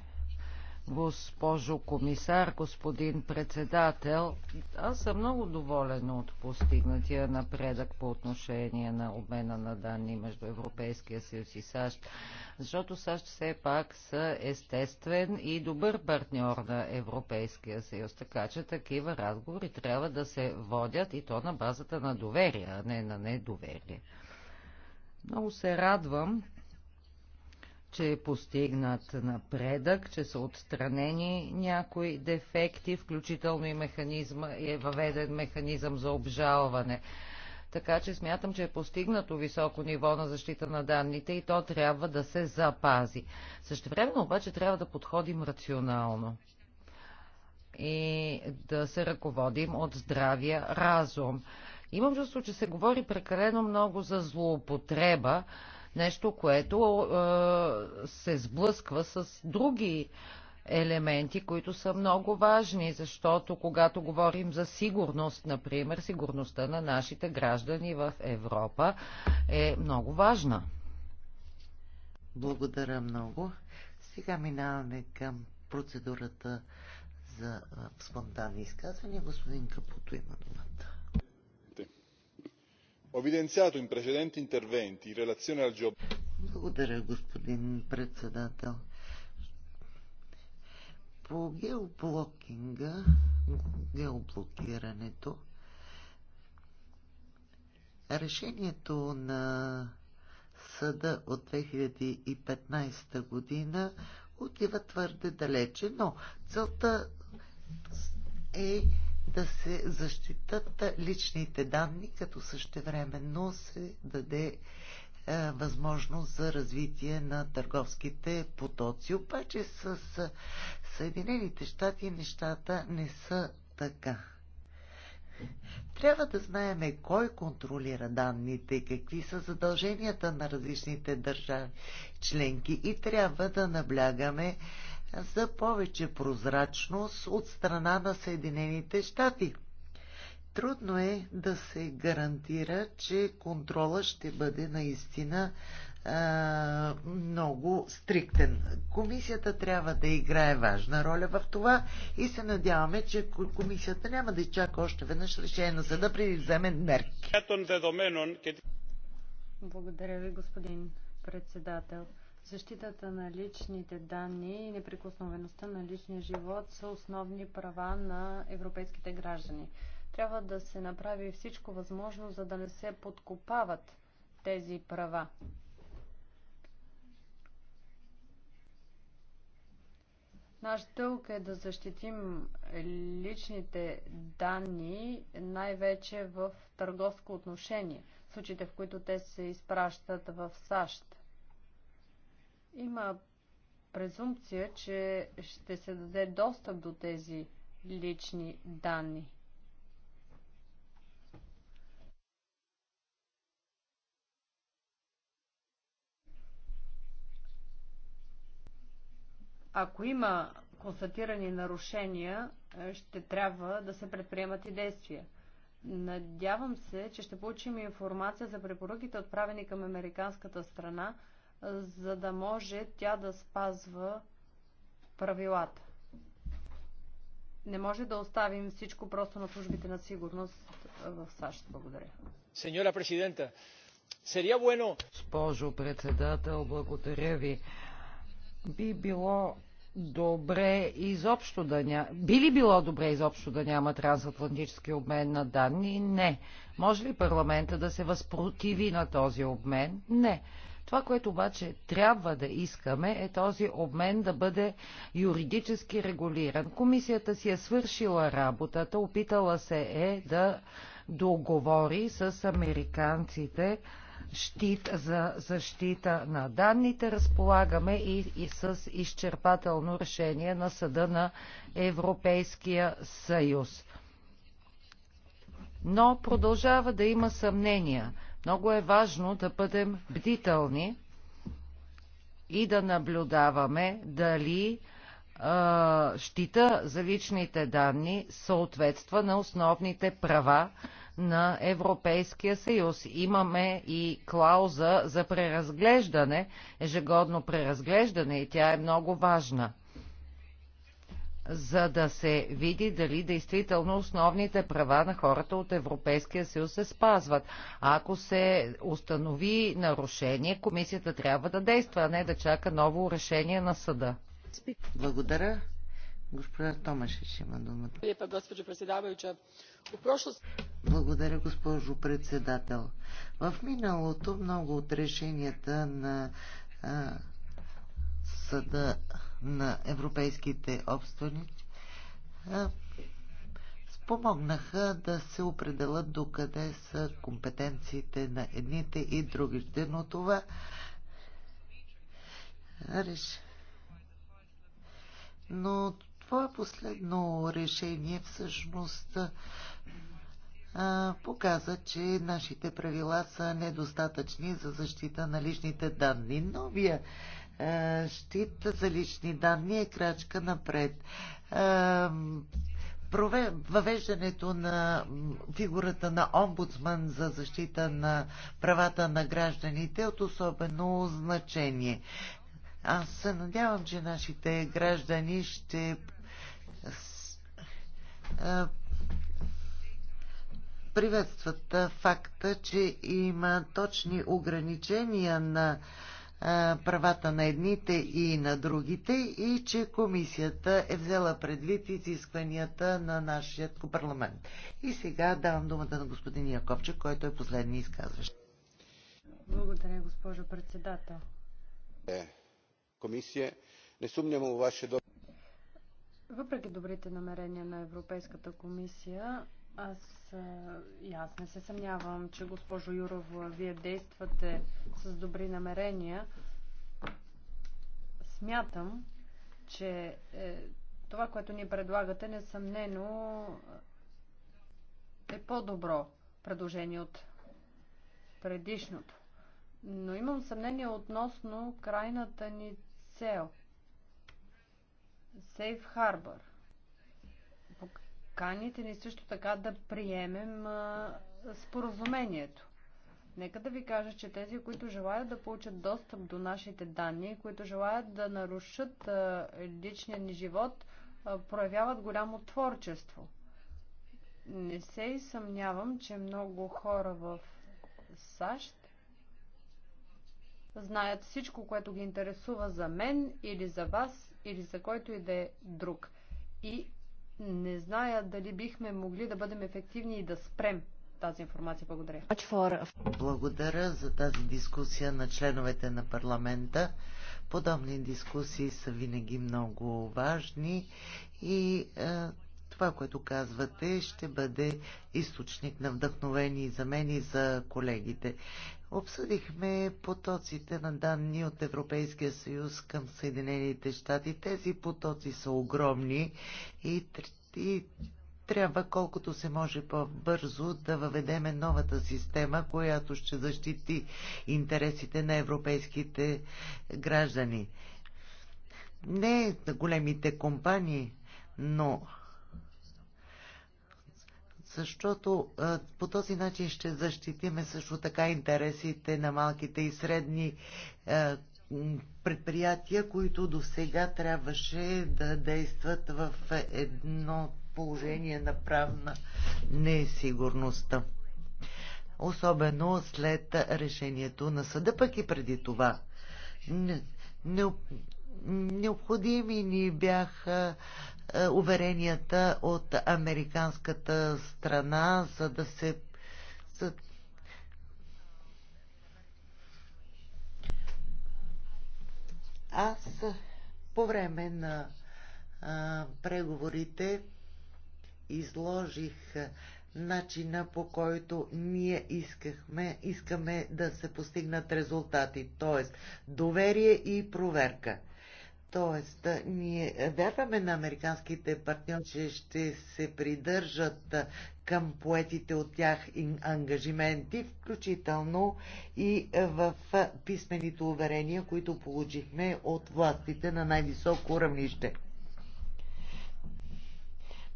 госпожо комисар, господин председател. Аз съм много доволен от постигнатия напредък по отношение на обмена на данни между Европейския съюз и САЩ, защото САЩ все пак са естествен и добър партньор на Европейския съюз, така че такива разговори трябва да се водят и то на базата на доверие, а не на недоверие. Много се радвам, че е постигнат напредък, че са отстранени някои дефекти, включително и механизма, е въведен механизъм за обжалване. Така че смятам, че е постигнато високо ниво на защита на данните и то трябва да се запази. време обаче трябва да подходим рационално и да се ръководим от здравия разум. Имам чувство, че се говори прекалено много за злоупотреба, Нещо, което е, се сблъсква с други елементи, които са много важни, защото когато говорим за сигурност, например, сигурността на нашите граждани в Европа е много важна. Благодаря много. Сега минаваме към процедурата за е, спонтанни изказвания. Господин Капуто има думата. Ho evidenziato in precedenti interventi in relazione al Благодаря, господин председател. По геоблокинга, геоблокирането, решението на съда от 2015 година отива твърде далече, но целта е да се защитат личните данни, като същевременно се даде е, възможност за развитие на търговските потоци. Обаче с Съединените щати нещата не са така. Трябва да знаем кой контролира данните и какви са задълженията на различните държави членки и трябва да наблягаме за повече прозрачност от страна на Съединените щати. Трудно е да се гарантира, че контрола ще бъде наистина а, много стриктен. Комисията трябва да играе важна роля в това и се надяваме, че комисията няма да чака още веднъж решение на съда преди вземе мерки. Благодаря ви, господин председател. Защитата на личните данни и неприкосновеността на личния живот са основни права на европейските граждани. Трябва да се направи всичко възможно, за да не се подкопават тези права. Наш дълг е да защитим личните данни най-вече в търговско отношение, в случаите в които те се изпращат в САЩ. Има презумпция, че ще се даде достъп до тези лични данни. Ако има констатирани нарушения, е, ще трябва да се предприемат и действия. Надявам се, че ще получим информация за препоръките, отправени към американската страна, за да може тя да спазва правилата. Не може да оставим всичко просто на службите на сигурност в САЩ. Благодаря. Сеньора президента, серия bueno... Госпожо председател, благодаря ви. Би било добре изобщо да няма... Би ли било добре изобщо да няма трансатлантически обмен на данни? Не. Може ли парламента да се възпротиви на този обмен? Не. Това, което обаче трябва да искаме, е този обмен да бъде юридически регулиран. Комисията си е свършила работата, опитала се е да договори с американците щит за защита на данните. Разполагаме и, и с изчерпателно решение на Съда на Европейския съюз. Но продължава да има съмнения много е важно да бъдем бдителни и да наблюдаваме дали а, щита за личните данни съответства на основните права на Европейския съюз. Имаме и клауза за преразглеждане, ежегодно преразглеждане и тя е много важна за да се види дали действително основните права на хората от Европейския съюз се спазват. А ако се установи нарушение, комисията трябва да действа, а не да чака ново решение на съда. Благодаря. Госпожа Томашич има думата. Благодаря, госпожо председател. В миналото много от решенията на а, съда на европейските общности спомогнаха да се определят докъде са компетенциите на едните и другите, но това реши. Но това последно решение всъщност показа, че нашите правила са недостатъчни за защита на личните данни. Новия е, щит за лични данни е крачка напред. Е, въвеждането на фигурата на омбудсман за защита на правата на гражданите е от особено значение. Аз се надявам, че нашите граждани ще е, приветстват факта, че има точни ограничения на правата на едните и на другите и че комисията е взела предвид изискванията на нашия парламент. И сега давам думата на господин Яковче, който е последния изказващ. Благодаря, госпожо председател. Е, комисия, не сумнявам във ваше добро. Въпреки добрите намерения на Европейската комисия, аз и аз не се съмнявам, че госпожо Юрова, вие действате с добри намерения. Смятам, че е, това, което ни предлагате, несъмнено е, е по-добро предложение от предишното. Но имам съмнение относно крайната ни цел. Safe Harbor – Каните ни също така да приемем а, споразумението. Нека да ви кажа, че тези, които желаят да получат достъп до нашите данни, които желаят да нарушат а, личния ни живот, а, проявяват голямо творчество. Не се и съмнявам, че много хора в САЩ знаят всичко, което ги интересува за мен или за вас или за който и да е друг. И не зная дали бихме могли да бъдем ефективни и да спрем тази информация. Благодаря. Благодаря за тази дискусия на членовете на парламента. Подобни дискусии са винаги много важни и е, това, което казвате, ще бъде източник на вдъхновение за мен и за колегите. Обсъдихме потоците на данни от Европейския съюз към Съединените щати. Тези потоци са огромни и, и трябва колкото се може по-бързо да въведеме новата система, която ще защити интересите на европейските граждани. Не големите компании, но защото по този начин ще защитиме също така интересите на малките и средни предприятия, които до сега трябваше да действат в едно положение на правна несигурност. Особено след решението на съда, пък и преди това. Необходими ни бяха е, уверенията от американската страна, за да се. За... Аз по време на а, преговорите изложих начина по който ние искахме, искаме да се постигнат резултати, т.е. доверие и проверка. Тоест, ние вярваме на американските партньори, че ще се придържат към поетите от тях ангажименти, включително и в писмените уверения, които получихме от властите на най-високо равнище.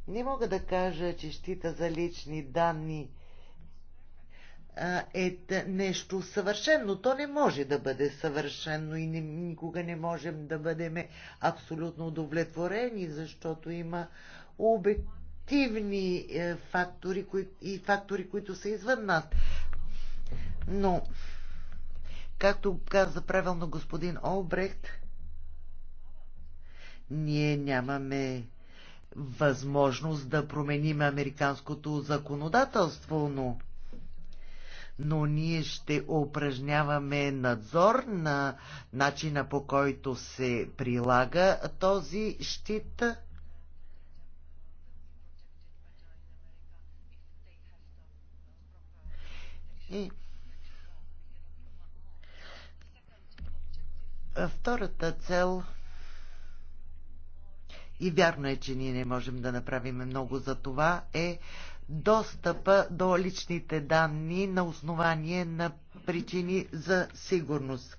Не мога да кажа, че щита за лични данни е нещо съвършено. То не може да бъде съвършено и не, никога не можем да бъдем абсолютно удовлетворени, защото има обективни е, фактори кои, и фактори, които са извън нас. Но, както каза правилно господин Олбрехт, ние нямаме възможност да променим американското законодателство, но но ние ще упражняваме надзор на начина по който се прилага този щит. И втората цел и вярно е, че ние не можем да направим много за това, е достъпа до личните данни на основание на причини за сигурност.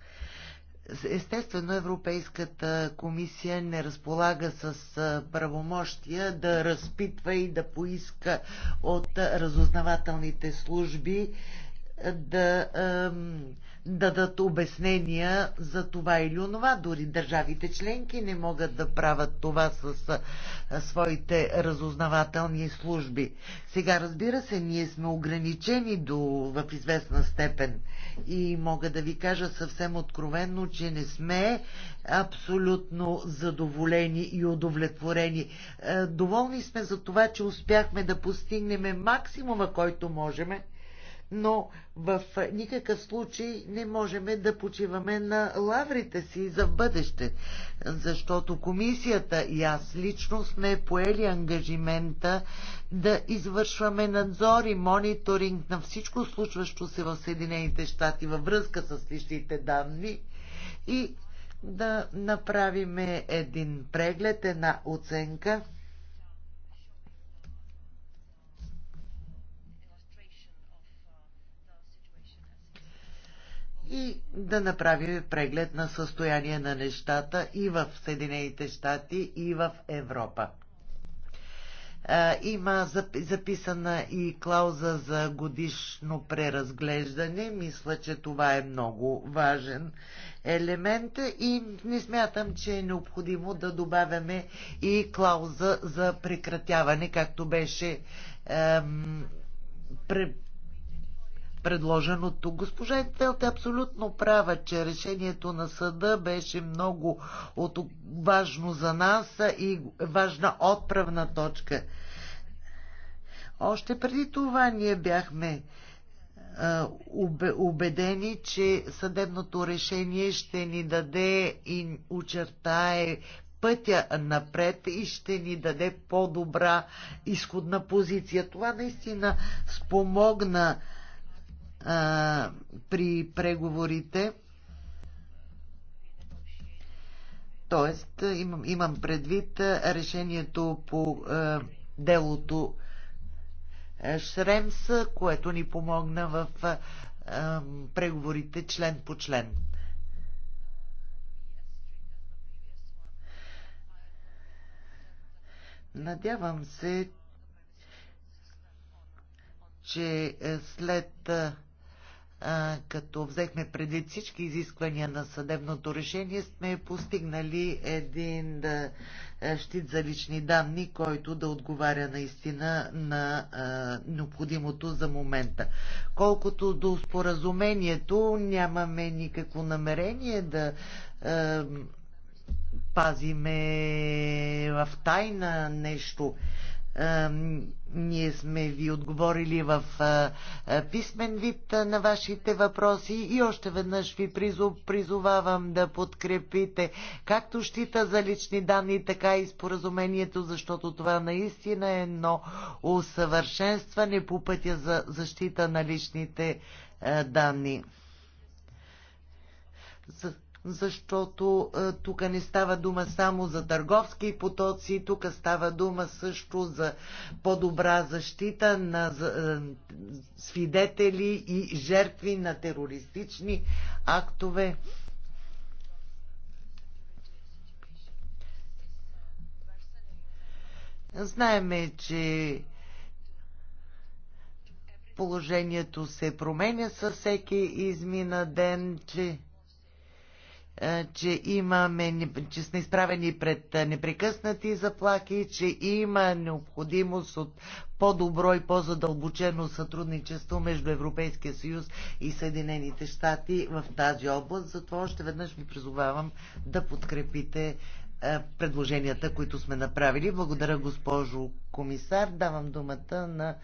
Естествено, Европейската комисия не разполага с правомощия да разпитва и да поиска от разузнавателните служби да дадат обяснения за това или онова. Дори държавите членки не могат да правят това с своите разузнавателни служби. Сега, разбира се, ние сме ограничени до, в известна степен и мога да ви кажа съвсем откровенно, че не сме абсолютно задоволени и удовлетворени. Е, доволни сме за това, че успяхме да постигнем максимума, който можеме но в никакъв случай не можем да почиваме на лаврите си за бъдеще, защото комисията и аз лично сме поели ангажимента да извършваме надзор и мониторинг на всичко случващо се в Съединените щати във връзка с личните данни и да направим един преглед, една оценка и да направи преглед на състояние на нещата и в Съединените щати, и в Европа. Има записана и клауза за годишно преразглеждане. Мисля, че това е много важен елемент и не смятам, че е необходимо да добавяме и клауза за прекратяване, както беше предложеното. Госпожа Ентфелд е абсолютно права, че решението на съда беше много от... важно за нас и важна отправна точка. Още преди това ние бяхме е, убедени, че съдебното решение ще ни даде и очертае пътя напред и ще ни даде по-добра изходна позиция. Това наистина спомогна а, при преговорите. Тоест, имам, имам предвид решението по а, делото Шремс, което ни помогна в а, преговорите член по член. Надявам се, че след като взехме преди всички изисквания на съдебното решение, сме постигнали един е, щит за лични данни, който да отговаря наистина на необходимото за момента. Колкото до споразумението, нямаме никакво намерение да е, пазиме в тайна нещо ние сме ви отговорили в писмен вид на вашите въпроси и още веднъж ви призовавам да подкрепите както щита за лични данни, така и споразумението, защото това наистина е едно усъвършенстване по пътя за защита на личните данни. За защото е, тук не става дума само за търговски потоци, тук става дума също за по-добра защита на е, свидетели и жертви на терористични актове. Знаеме, че положението се променя със всеки измина ден, че че имаме, че сме изправени пред непрекъснати заплахи, че има необходимост от по-добро и по-задълбочено сътрудничество между Европейския съюз и Съединените щати в тази област. Затова още веднъж ви призовавам да подкрепите предложенията, които сме направили. Благодаря, госпожо комисар. Давам думата на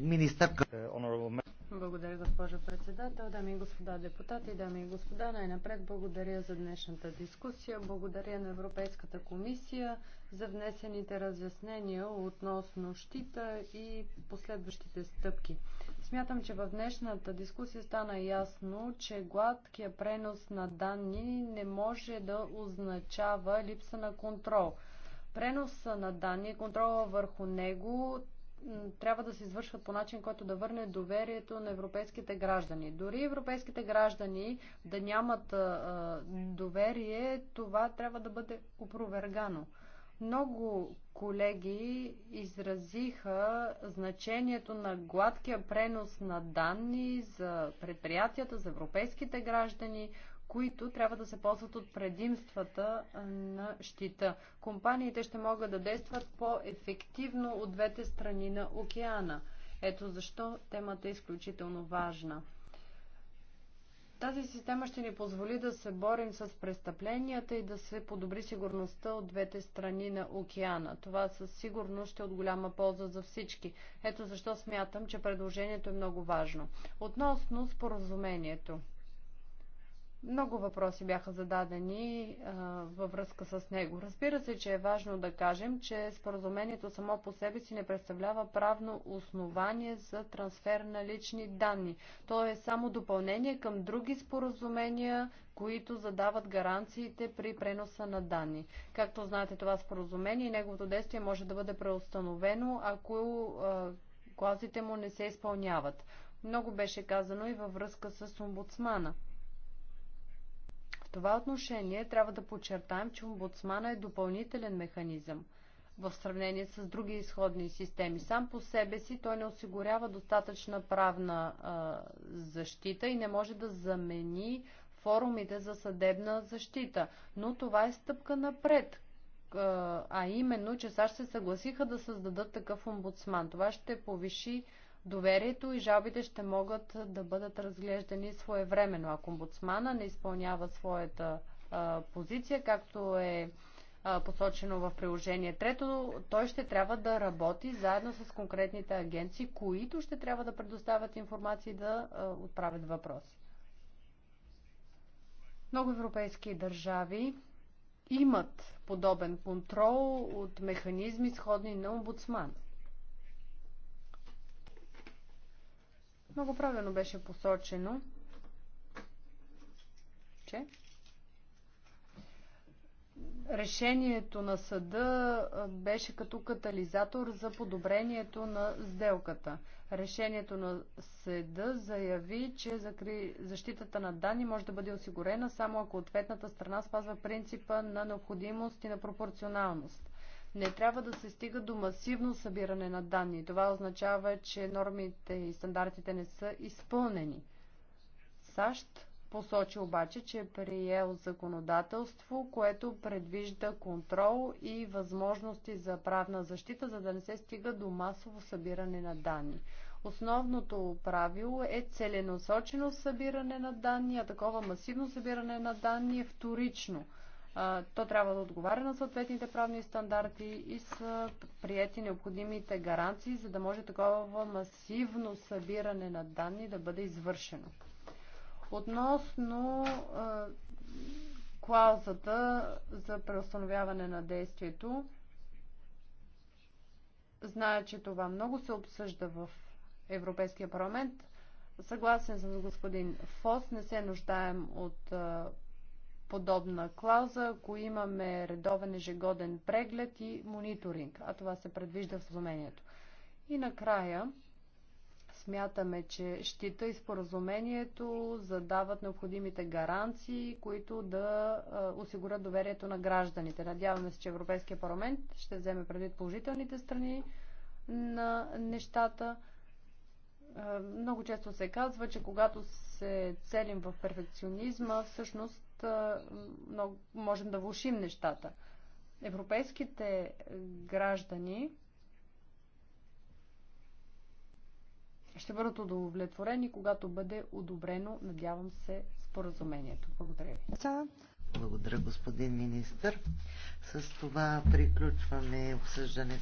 министър. Е, благодаря, госпожо председател, дами и господа депутати, дами и господа. Най-напред благодаря за днешната дискусия. Благодаря на Европейската комисия за внесените разяснения относно щита и последващите стъпки. Смятам, че в днешната дискусия стана ясно, че гладкия пренос на данни не може да означава липса на контрол преноса на данни, контрола върху него трябва да се извършват по начин, който да върне доверието на европейските граждани. Дори европейските граждани да нямат доверие, това трябва да бъде опровергано. Много колеги изразиха значението на гладкия пренос на данни за предприятията, за европейските граждани, които трябва да се ползват от предимствата на щита. Компаниите ще могат да действат по-ефективно от двете страни на океана. Ето защо темата е изключително важна. Тази система ще ни позволи да се борим с престъпленията и да се подобри сигурността от двете страни на океана. Това със сигурност ще е от голяма полза за всички. Ето защо смятам, че предложението е много важно. Относно споразумението. Много въпроси бяха зададени а, във връзка с него. Разбира се, че е важно да кажем, че споразумението само по себе си не представлява правно основание за трансфер на лични данни. То е само допълнение към други споразумения, които задават гаранциите при преноса на данни. Както знаете, това споразумение и неговото действие може да бъде преустановено, ако а, клазите му не се изпълняват. Много беше казано и във връзка с омбудсмана това отношение трябва да подчертаем, че омбудсмана е допълнителен механизъм в сравнение с други изходни системи. Сам по себе си той не осигурява достатъчна правна а, защита и не може да замени форумите за съдебна защита. Но това е стъпка напред, а именно, че САЩ се съгласиха да създадат такъв омбудсман. Това ще повиши Доверието и жалбите ще могат да бъдат разглеждани своевременно. Ако омбудсмана не изпълнява своята а, позиция, както е а, посочено в приложение трето, той ще трябва да работи заедно с конкретните агенции, които ще трябва да предоставят информация и да а, отправят въпроси. Много европейски държави имат подобен контрол от механизми, сходни на омбудсмана. Много правилно беше посочено, че решението на съда беше като катализатор за подобрението на сделката. Решението на съда заяви, че защитата на данни може да бъде осигурена само ако ответната страна спазва принципа на необходимост и на пропорционалност. Не трябва да се стига до масивно събиране на данни. Това означава, че нормите и стандартите не са изпълнени. САЩ посочи обаче, че е приел законодателство, което предвижда контрол и възможности за правна защита, за да не се стига до масово събиране на данни. Основното правило е целенасочено събиране на данни, а такова масивно събиране на данни е вторично – то трябва да отговаря на съответните правни стандарти и са прияти необходимите гаранции, за да може такова масивно събиране на данни да бъде извършено. Относно клаузата за преустановяване на действието, зная, че това много се обсъжда в Европейския парламент. Съгласен съм с господин Фос, не се нуждаем от подобна клауза, ако имаме редовен ежегоден преглед и мониторинг, а това се предвижда в споразумението. И накрая смятаме, че щита и споразумението задават необходимите гаранции, които да осигурят доверието на гражданите. Надяваме се, че Европейския парламент ще вземе предвид положителните страни на нещата много често се казва, че когато се целим в перфекционизма, всъщност много, можем да влушим нещата. Европейските граждани ще бъдат удовлетворени, когато бъде одобрено, надявам се, споразумението. Благодаря ви. Благодаря, господин министр. С това приключваме обсъждането.